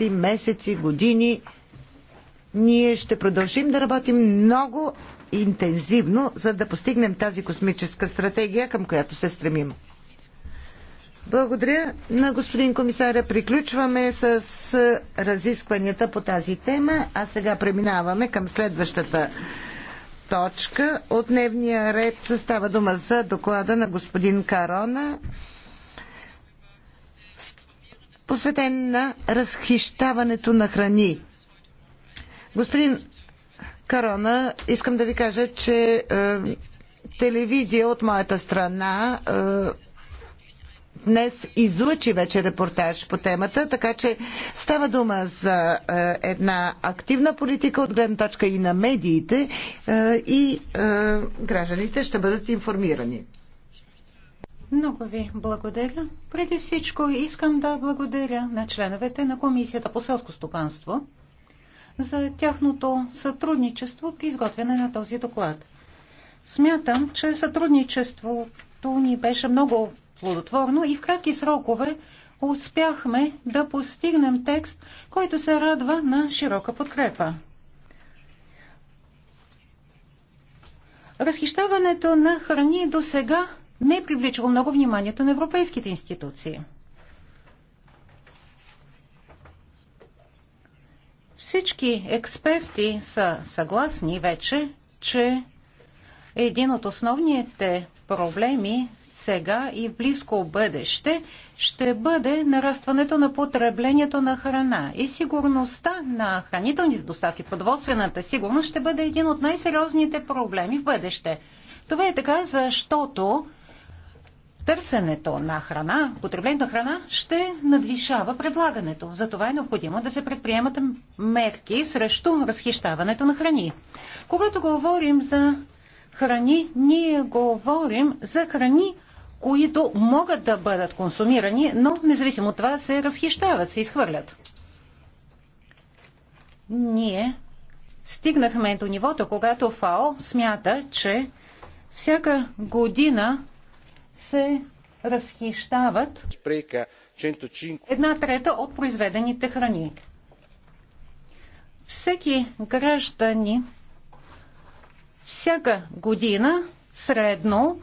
седмици, месеци, години. Ние ще продължим да работим много интензивно, за да постигнем тази космическа стратегия, към която се стремим. Благодаря на господин комисаря. Приключваме с разискванията по тази тема, а сега преминаваме към следващата точка от дневния ред. Става дума за доклада на господин Карона посветен на разхищаването на храни. Господин Карона, искам да ви кажа, че е, телевизия от моята страна е, днес излъчи вече репортаж по темата, така че става дума за е, една активна политика от гледна точка и на медиите е, и е, гражданите ще бъдат информирани. Много ви благодаря. Преди всичко искам да благодаря на членовете на Комисията по селско стопанство за тяхното сътрудничество при изготвяне на този доклад. Смятам, че сътрудничеството ни беше много плодотворно и в кратки срокове успяхме да постигнем текст, който се радва на широка подкрепа. Разхищаването на храни до сега не е привличало много вниманието на европейските институции. Всички експерти са съгласни вече, че един от основните проблеми сега и в близко бъдеще ще бъде нарастването на потреблението на храна и сигурността на хранителните доставки, продоволствената сигурност ще бъде един от най-сериозните проблеми в бъдеще. Това е така, защото търсенето на храна, потреблението на храна ще надвишава предлагането. Затова е необходимо да се предприемат мерки срещу разхищаването на храни. Когато говорим за храни, ние говорим за храни, които могат да бъдат консумирани, но независимо от това се разхищават, се изхвърлят. Ние стигнахме до нивото, когато ФАО смята, че всяка година се разхищават една трета от произведените храни. Всеки граждани всяка година средно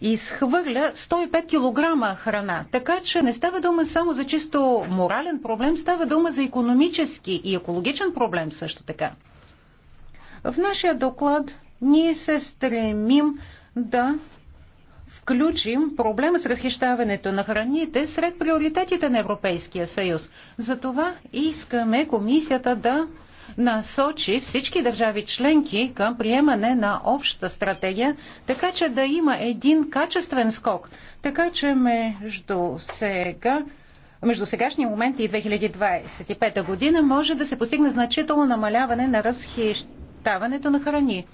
изхвърля 105 кг храна. Така че не става дума само за чисто морален проблем, става дума за економически и екологичен проблем също така. В нашия доклад ние се стремим да включим проблема с разхищаването на храните сред приоритетите на Европейския съюз. Затова искаме комисията да насочи всички държави членки към приемане на обща стратегия, така че да има един качествен скок. Така че между сега между сегашния момент и 2025 година може да се постигне значително намаляване на разхищаването на храни.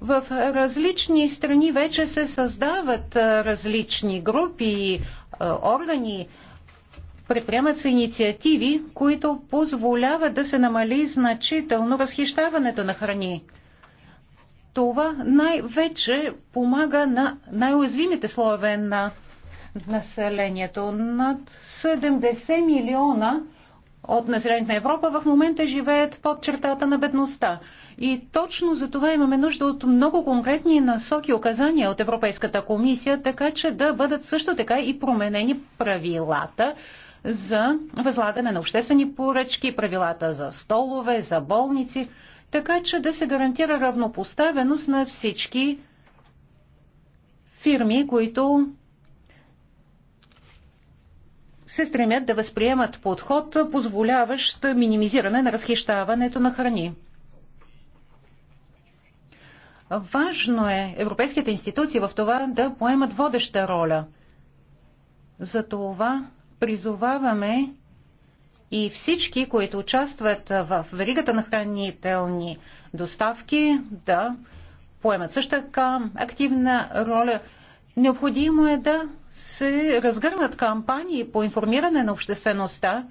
В различни страни вече се създават различни групи, органи, предприемат се инициативи, които позволяват да се намали значително разхищаването на храни. Това най-вече помага на най-уязвимите слоеве на населението. Над 70 милиона от населението на Европа в момента живеят под чертата на бедността. И точно за това имаме нужда от много конкретни насоки указания от Европейската комисия, така че да бъдат също така и променени правилата за възлагане на обществени поръчки, правилата за столове, за болници, така че да се гарантира равнопоставеност на всички фирми, които се стремят да възприемат подход, позволяващ минимизиране на разхищаването на храни. Важно е европейските институции в това да поемат водеща роля. Затова призоваваме и всички, които участват в веригата на хранителни доставки, да поемат също така активна роля. Необходимо е да се разгърнат кампании по информиране на обществеността.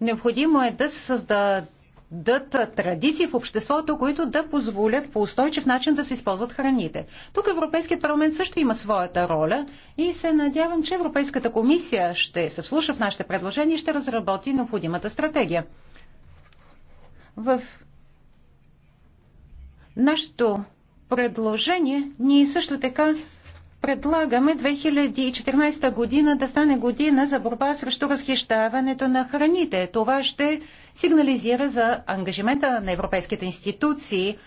Необходимо е да се създадат дадат традиции в обществото, които да позволят по устойчив начин да се използват храните. Тук Европейският парламент също има своята роля и се надявам, че Европейската комисия ще се вслуша в нашите предложения и ще разработи необходимата стратегия. В нашето предложение ние също така предлагаме 2014 година да стане година за борба срещу разхищаването на храните. Това ще сигнализира за ангажимента на европейските институции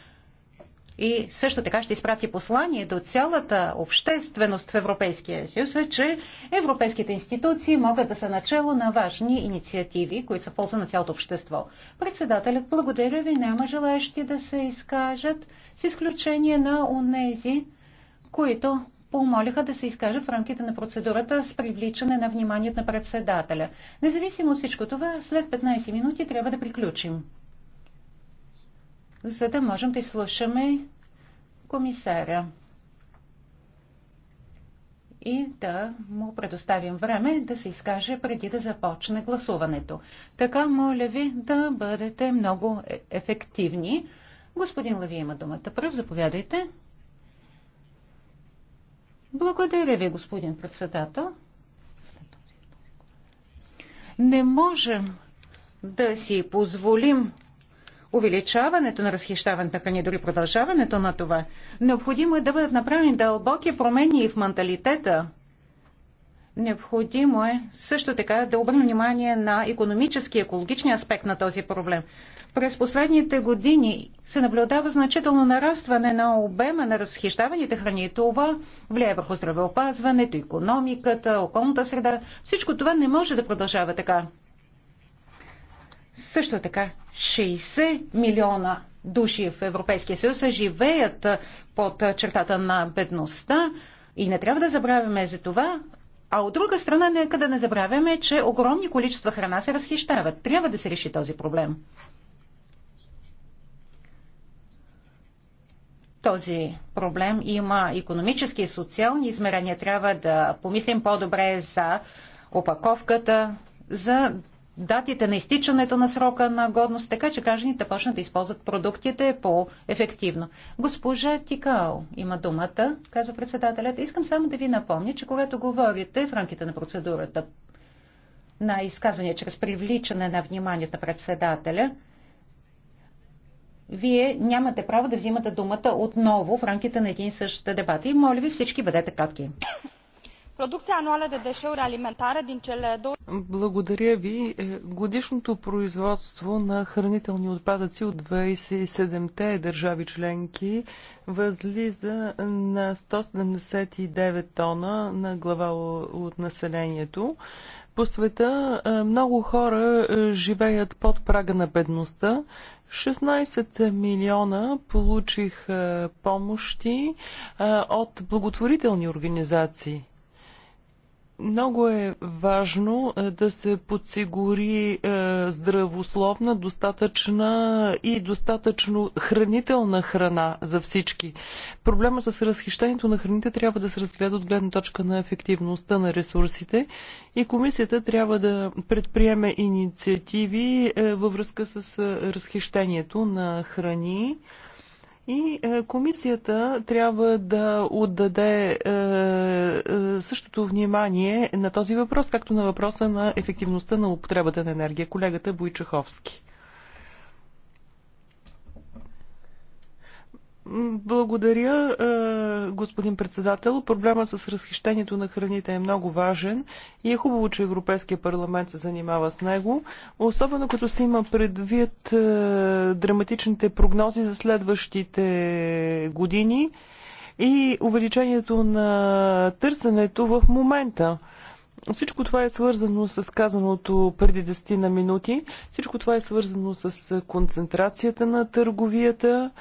и също така ще изпрати послание до цялата общественост в Европейския съюз, че европейските институции могат да са начало на важни инициативи, които са в полза на цялото общество. Председателят, благодаря ви, няма желаящи да се изкажат, с изключение на унези, които помолиха да се изкажат в рамките на процедурата с привличане на вниманието на председателя. Независимо от всичко това, след 15 минути трябва да приключим, за да можем да изслушаме комисаря и да му предоставим време да се изкаже преди да започне гласуването. Така, моля ви да бъдете много е- ефективни. Господин Лави има думата. Пръв, заповядайте. Благодаря ви, господин председател. Не можем да си позволим увеличаването на разхищаването на храни, дори продължаването на това. Необходимо е да бъдат направени дълбоки промени и в менталитета Необходимо е също така да обърнем внимание на економически и екологичния аспект на този проблем. През последните години се наблюдава значително нарастване на обема на разхищаваните храни. Това влияе върху здравеопазването, економиката, околната среда. Всичко това не може да продължава така. Също така, 60 милиона души в Европейския съюз живеят под чертата на бедността. И не трябва да забравяме за това, а от друга страна, нека да не забравяме, че огромни количества храна се разхищават. Трябва да се реши този проблем. Този проблем има економически и социални измерения. Трябва да помислим по-добре за опаковката, за датите на изтичането на срока на годност, така че гражданите почнат да използват продуктите по-ефективно. Госпожа Тикао има думата, казва председателят. Искам само да ви напомня, че когато говорите в рамките на процедурата на изказване чрез привличане на вниманието на председателя, вие нямате право да взимате думата отново в рамките на един и същ дебат. И моля ви всички бъдете кратки. Продукция ануала de deșeuri алиментара дин cele două... Благодаря ви. Е, годишното производство на хранителни отпадъци от 27-те държави членки възлиза на 179 тона на глава от населението. По света е, много хора е, живеят под прага на бедността. 16 милиона получих помощи от благотворителни организации. Много е важно е, да се подсигури е, здравословна, достатъчна и достатъчно хранителна храна за всички. Проблема с разхищението на храните трябва да се разгледа от гледна точка на ефективността на ресурсите и комисията трябва да предприеме инициативи е, във връзка с разхищението на храни и е, комисията трябва да отдаде е, е, същото внимание на този въпрос, както на въпроса на ефективността на употребата на енергия. Колегата Бойчаховски. Благодаря, е, господин председател. Проблема с разхищението на храните е много важен и е хубаво, че Европейския парламент се занимава с него, особено като се има предвид е, драматичните прогнози за следващите години и увеличението на търсенето в момента. Всичко това е свързано с казаното преди 10 на минути. Всичко това е свързано с концентрацията на търговията.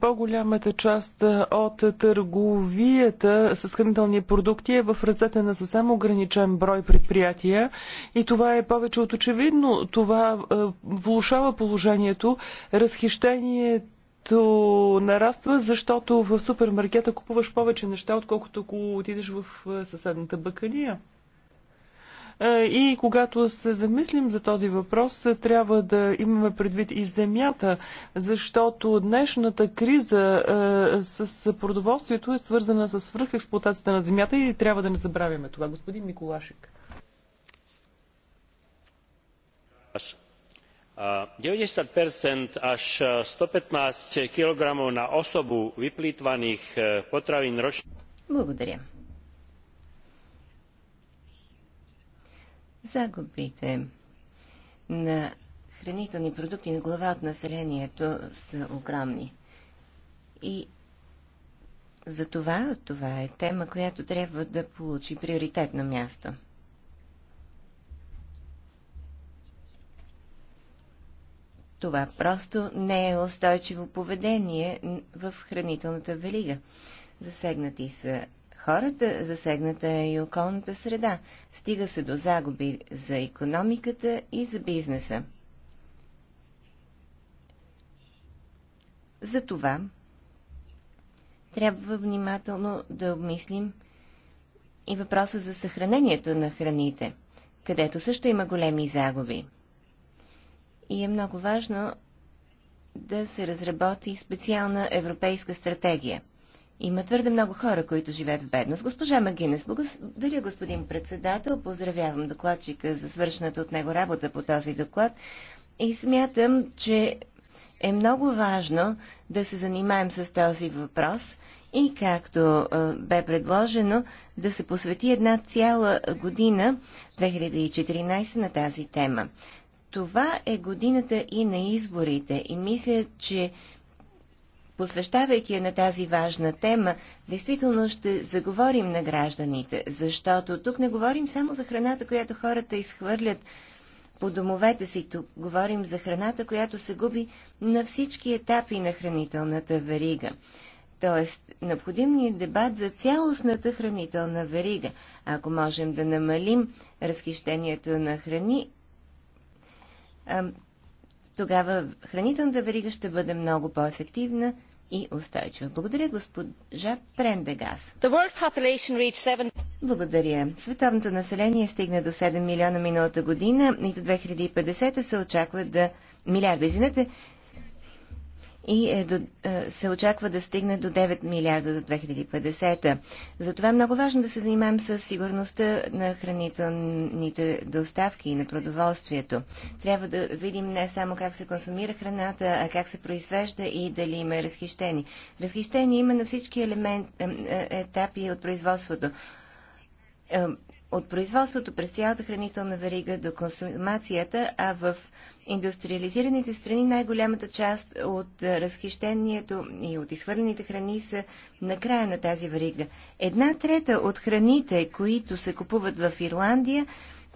По-голямата част от търговията с хранителни продукти е в ръцете на съвсем ограничен брой предприятия. И това е повече от очевидно. Това влушава положението. Разхищението нараства, защото в супермаркета купуваш повече неща, отколкото ако отидеш в е, съседната бакалия. Е, и когато се замислим за този въпрос, е, трябва да имаме предвид и земята, защото днешната криза с продоволствието е свързана с свръхексплуатацията на земята и трябва да не забравяме това. Господин Миколашик. ninety až one hundred and fifteen kilogramov na osobu vyplýtvaných potravín ročne. Благодаря. Загубите на хранителни продукти на глава от населението са огромни. И за това, това е тема, която трябва да получи приоритетно място. Това просто не е устойчиво поведение в хранителната велига. Засегнати са хората, засегната е и околната среда. Стига се до загуби за економиката и за бизнеса. Затова трябва внимателно да обмислим и въпроса за съхранението на храните, където също има големи загуби и е много важно да се разработи специална европейска стратегия. Има твърде много хора, които живеят в бедност. Госпожа Магинес, благодаря господин председател. Поздравявам докладчика за свършената от него работа по този доклад и смятам, че е много важно да се занимаем с този въпрос и, както бе предложено, да се посвети една цяла година, 2014, на тази тема това е годината и на изборите. И мисля, че посвещавайки я на тази важна тема, действително ще заговорим на гражданите, защото тук не говорим само за храната, която хората изхвърлят по домовете си, тук говорим за храната, която се губи на всички етапи на хранителната верига. Тоест, необходим ни е дебат за цялостната хранителна верига. Ако можем да намалим разхищението на храни, тогава хранителната верига ще бъде много по-ефективна и устойчива. Благодаря, госпожа Прендегас. Благодаря. Световното население стигна до 7 милиона миналата година и до 2050 се очаква да милиарда, извинете, и е до, е, се очаква да стигне до 9 милиарда до 2050. Затова е много важно да се занимаем с сигурността на хранителните доставки и на продоволствието. Трябва да видим не само как се консумира храната, а как се произвежда и дали има разхищени. Разхищени има на всички елемент, е, е, етапи от производството от производството през цялата хранителна верига до консумацията, а в индустриализираните страни най-голямата част от разхищението и от изхвърлените храни са на края на тази верига. Една трета от храните, които се купуват в Ирландия,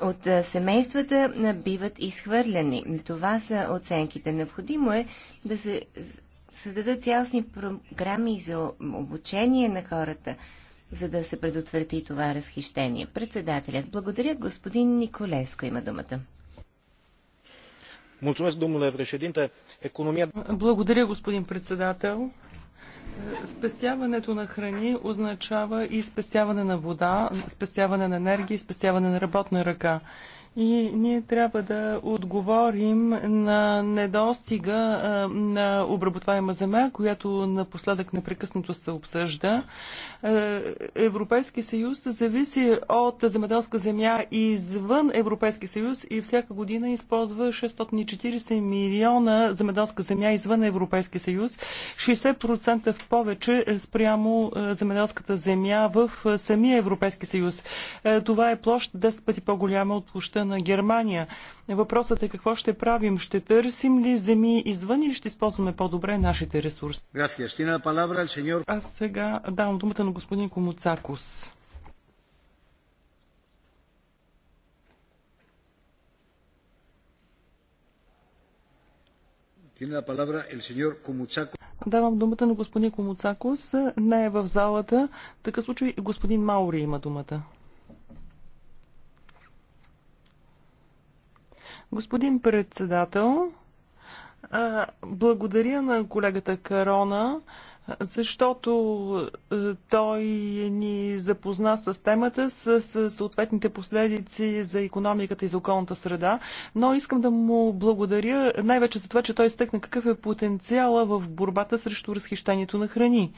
от семействата биват изхвърлени. Това са оценките. Необходимо е да се създадат цялостни програми за обучение на хората – за да се предотврати това разхищение. Председателят, благодаря господин Николеско, има думата. Благодаря, господин председател. Спестяването на храни означава и спестяване на вода, спестяване на енергия и спестяване на работна ръка. И ние трябва да отговорим на недостига на обработваема земя, която напоследък непрекъснато се обсъжда. Е, Европейски съюз зависи от земеделска земя извън Европейски съюз и всяка година използва 640 милиона земеделска земя извън Европейски съюз, 60% в повече е спрямо е, земеделската земя в самия Европейски съюз. Това е площ 10 пъти по-голяма от площа политика на Германия. Въпросът е какво ще правим? Ще търсим ли земи извън или ще използваме по-добре нашите ресурси? Аз сега давам думата на господин Комуцакос. Давам думата на господин Комуцакос. Не е в залата. В такъв случай господин Маури има думата. Господин председател, благодаря на колегата Карона защото е, той ни запозна с темата, с, с съответните последици за економиката и за околната среда, но искам да му благодаря най-вече за това, че той изтъкна какъв е потенциала в борбата срещу разхищението на храни.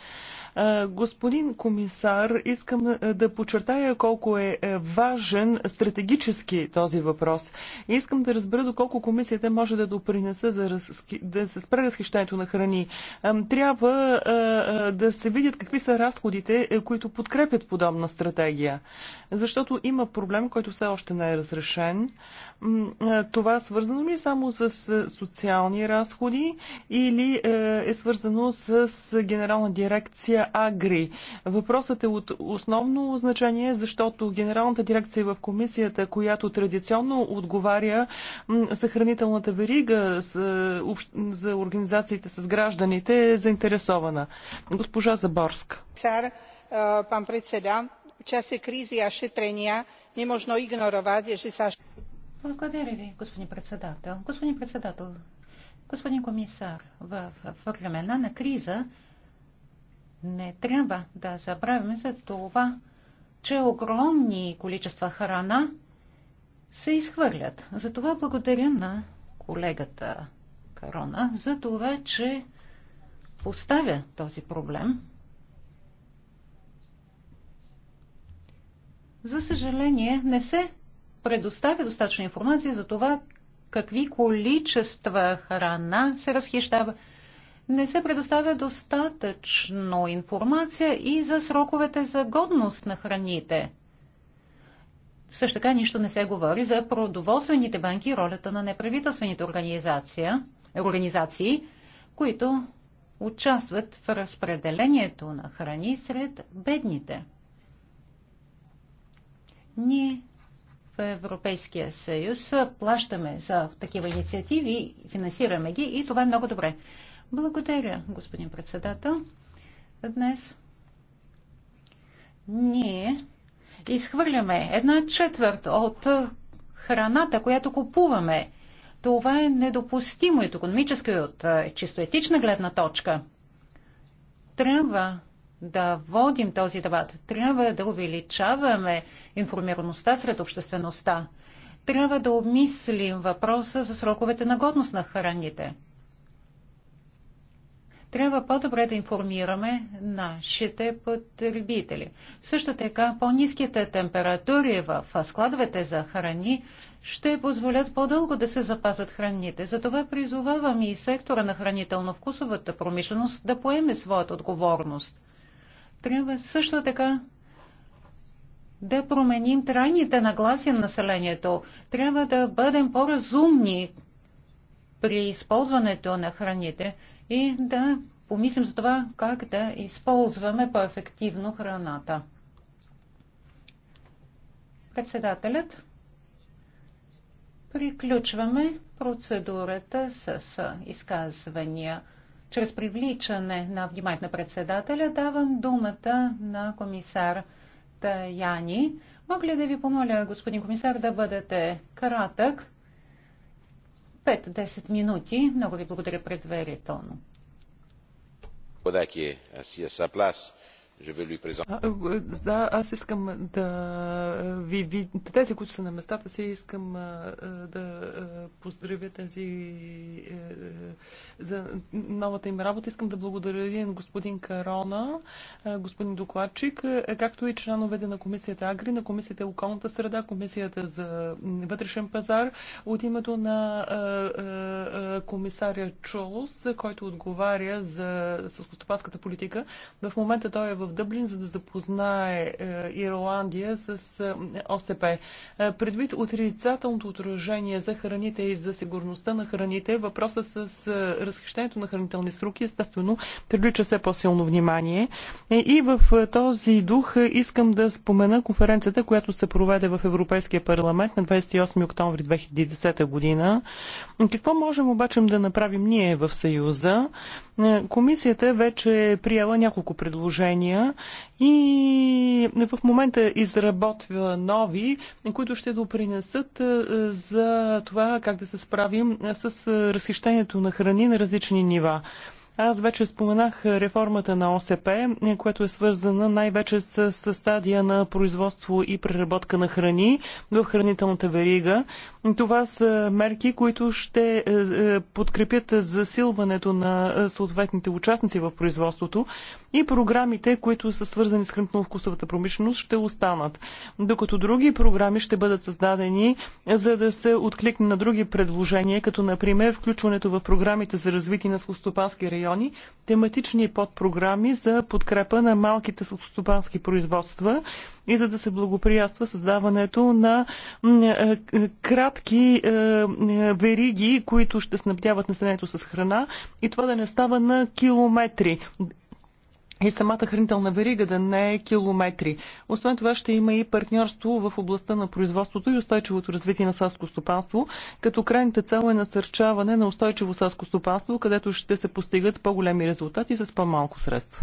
Е, господин комисар, искам е, да подчертая колко е важен стратегически този въпрос. Искам да разбера доколко комисията може да допринесе за раз... да се спре разхищането на храни. Трябва да се видят какви са разходите, е, които подкрепят подобна стратегия. Защото има проблем, който все още не е разрешен, това свързано ли е само с социални разходи или е свързано с Генерална дирекция Агри? Въпросът е от основно значение, защото Генералната дирекция в комисията, която традиционно отговаря за хранителната верига, за организациите с гражданите, е заинтересована. Госпожа Заборска. председа, predseda, v čase krízy a не можно ignorovať, že са благодаря ви, господин председател. Господин председател, господин комисар, в времена на криза не трябва да забравяме за това, че огромни количества храна се изхвърлят. Затова благодаря на колегата Карона за това, че поставя този проблем. За съжаление, не се предоставя достатъчно информация за това какви количества храна се разхищава. Не се предоставя достатъчно информация и за сроковете за годност на храните. Също така нищо не се говори за продоволствените банки и ролята на неправителствените организации, които участват в разпределението на храни сред бедните. Ние в Европейския съюз плащаме за такива инициативи, финансираме ги и това е много добре. Благодаря, господин председател. Днес ние изхвърляме една четвърт от храната, която купуваме. Това е недопустимо и от економическа и от е, чисто етична гледна точка. Трябва да водим този дебат. Трябва да увеличаваме информираността сред обществеността. Трябва да обмислим въпроса за сроковете на годност на храните. Трябва по-добре да информираме нашите потребители. Също така, по-низките температури в складовете за храни ще позволят по-дълго да се запазят храните. Затова призовавам и сектора на хранително-вкусовата промишленост да поеме своята отговорност. Трябва също така да променим трайните нагласи на населението. Трябва да бъдем по-разумни при използването на храните и да помислим за това как да използваме по-ефективно храната. Председателят, приключваме процедурата с изказвания чрез привличане на внимание на председателя давам думата на комисар Таяни. Мога ли да ви помоля, господин комисар, да бъдете кратък? 5-10 минути. Много ви благодаря предварително. Подакие, Асия Саплас. Да, аз искам да ви, ви... Тези, които са на местата си, искам да поздравя тези е, е, за новата им работа. Искам да благодаря един господин Карона, господин докладчик, както и членовете на комисията Агри, на комисията Околната среда, комисията за вътрешен пазар, от името на комисаря Чолос, който отговаря за съскостопанската политика. В момента той е в в Дъблин, за да запознае е, Ирландия с е, ОСП. Е, предвид отрицателното отражение за храните и за сигурността на храните, въпроса с разхищението на хранителни сроки, естествено привлича все по-силно внимание. И в този дух искам да спомена конференцията, която се проведе в Европейския парламент на 28 октомври 2010 година. Какво можем обаче да направим ние в Съюза? Комисията вече е приела няколко предложения решения и в момента изработва нови, които ще допринесат е, за това как да се справим с е, разхищението на храни на различни нива. Аз вече споменах реформата на ОСП, която е свързана най-вече с, стадия на производство и преработка на храни в хранителната верига. Това са мерки, които ще е, е, подкрепят засилването на е, съответните участници в производството и програмите, които са свързани с хранително-вкусовата промишленост, ще останат. Докато други програми ще бъдат създадени, за да се откликне на други предложения, като например включването в програмите за развитие на скостопански райони райони, тематични подпрограми за подкрепа на малките стопански производства и за да се благоприятства създаването на е, е, кратки е, вериги, които ще снабдяват населението с храна и това да не става на километри и самата хранителна верига да не е километри. Освен това ще има и партньорство в областта на производството и устойчивото развитие на селско стопанство, като крайната цел е насърчаване на устойчиво селско стопанство, където ще се постигат по-големи резултати с по-малко средства.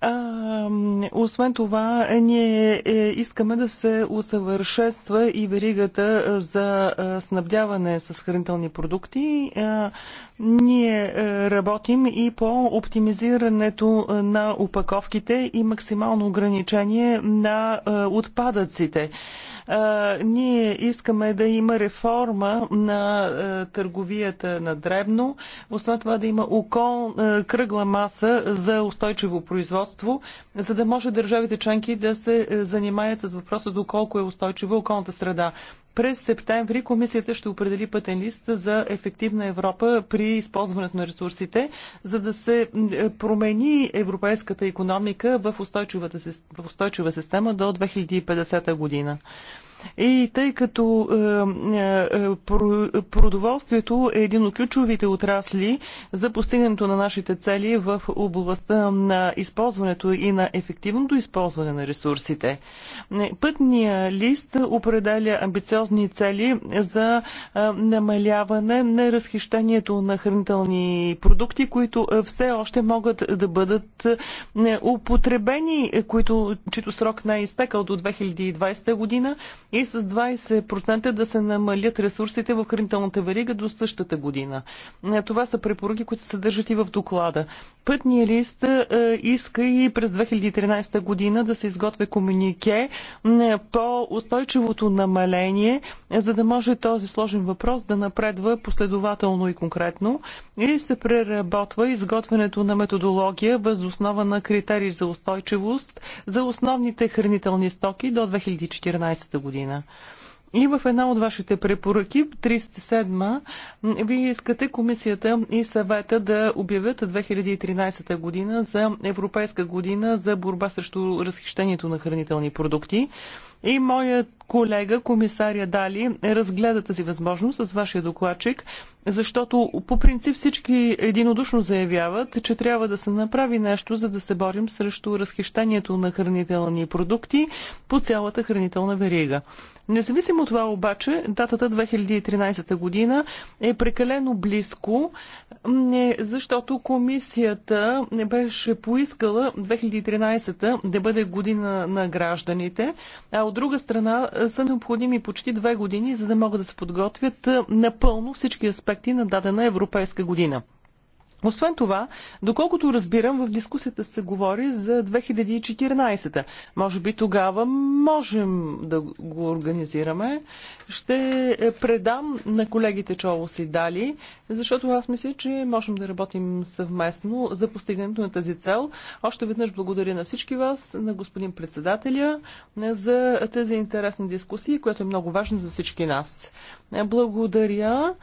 А, освен това, ние е, искаме да се усъвършенства и веригата е, за е, снабдяване с хранителни продукти. ние работим и по оптимизирането на упаковките и максимално ограничение на отпадъците. Ние искаме да има реформа на търговията на дребно, освен това да има окол, кръгла маса за устойчиво производство, за да може държавите членки да се занимаят с въпроса доколко е устойчива околната среда. През септември комисията ще определи пътен лист за ефективна Европа при използването на ресурсите, за да се е, промени европейската економика в устойчива система до 2050 година. И тъй като е, е, е, продоволствието е един от ключовите отрасли за постигането на нашите цели в областта на използването и на ефективното използване на ресурсите. Пътния лист определя амбициозни цели за намаляване на разхищението на хранителни продукти, които все още могат да бъдат употребени, които, чето срок не е изтекал до 2020 година и с 20% да се намалят ресурсите в хранителната верига до същата година. Е, това са препоръки, които се съдържат и в доклада. Пътния лист е, иска и през 2013 година да се изготвя комунике е, по устойчивото намаление, за да може този сложен въпрос да напредва последователно и конкретно и се преработва изготвянето на методология въз основа на критерии за устойчивост за основните хранителни стоки до 2014 година година. И в една от вашите препоръки, 307, вие искате комисията и съвета да обявят 2013 година за Европейска година за борба срещу разхищението на хранителни продукти. И моят колега, комисария Дали, разгледа тази възможност с вашия докладчик, защото по принцип всички единодушно заявяват, че трябва да се направи нещо, за да се борим срещу разхищението на хранителни продукти по цялата хранителна верига. Независимо от това обаче, датата 2013 година е прекалено близко, защото комисията не беше поискала 2013 да бъде година на гражданите, а от друга страна е, са необходими почти две години, за да могат да се подготвят е, напълно всички аспекти на дадена европейска година. Освен това, доколкото разбирам, в дискусията се говори за 2014-та. Може би тогава можем да го организираме. Ще е, предам на колегите Чолос и Дали защото аз мисля, че можем да работим съвместно за постигането на тази цел. Още веднъж благодаря на всички вас, на господин председателя, за тази интересна дискусия, която е много важна за всички нас. Благодаря.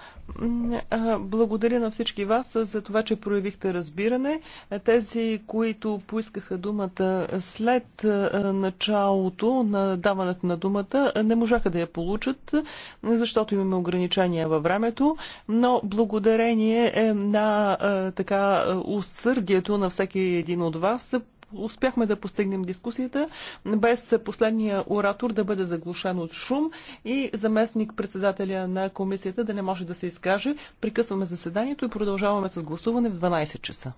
Благодаря на всички вас за това, че проявихте разбиране. Тези, които поискаха думата след началото на даването на думата, не можаха да я получат, защото имаме ограничения във времето, но благодаря благодарение е, на е, така усърдието на всеки един от вас успяхме да постигнем дискусията, без последния оратор да бъде заглушен от шум и заместник председателя на комисията да не може да се изкаже. Прекъсваме заседанието и продължаваме с гласуване в 12 часа.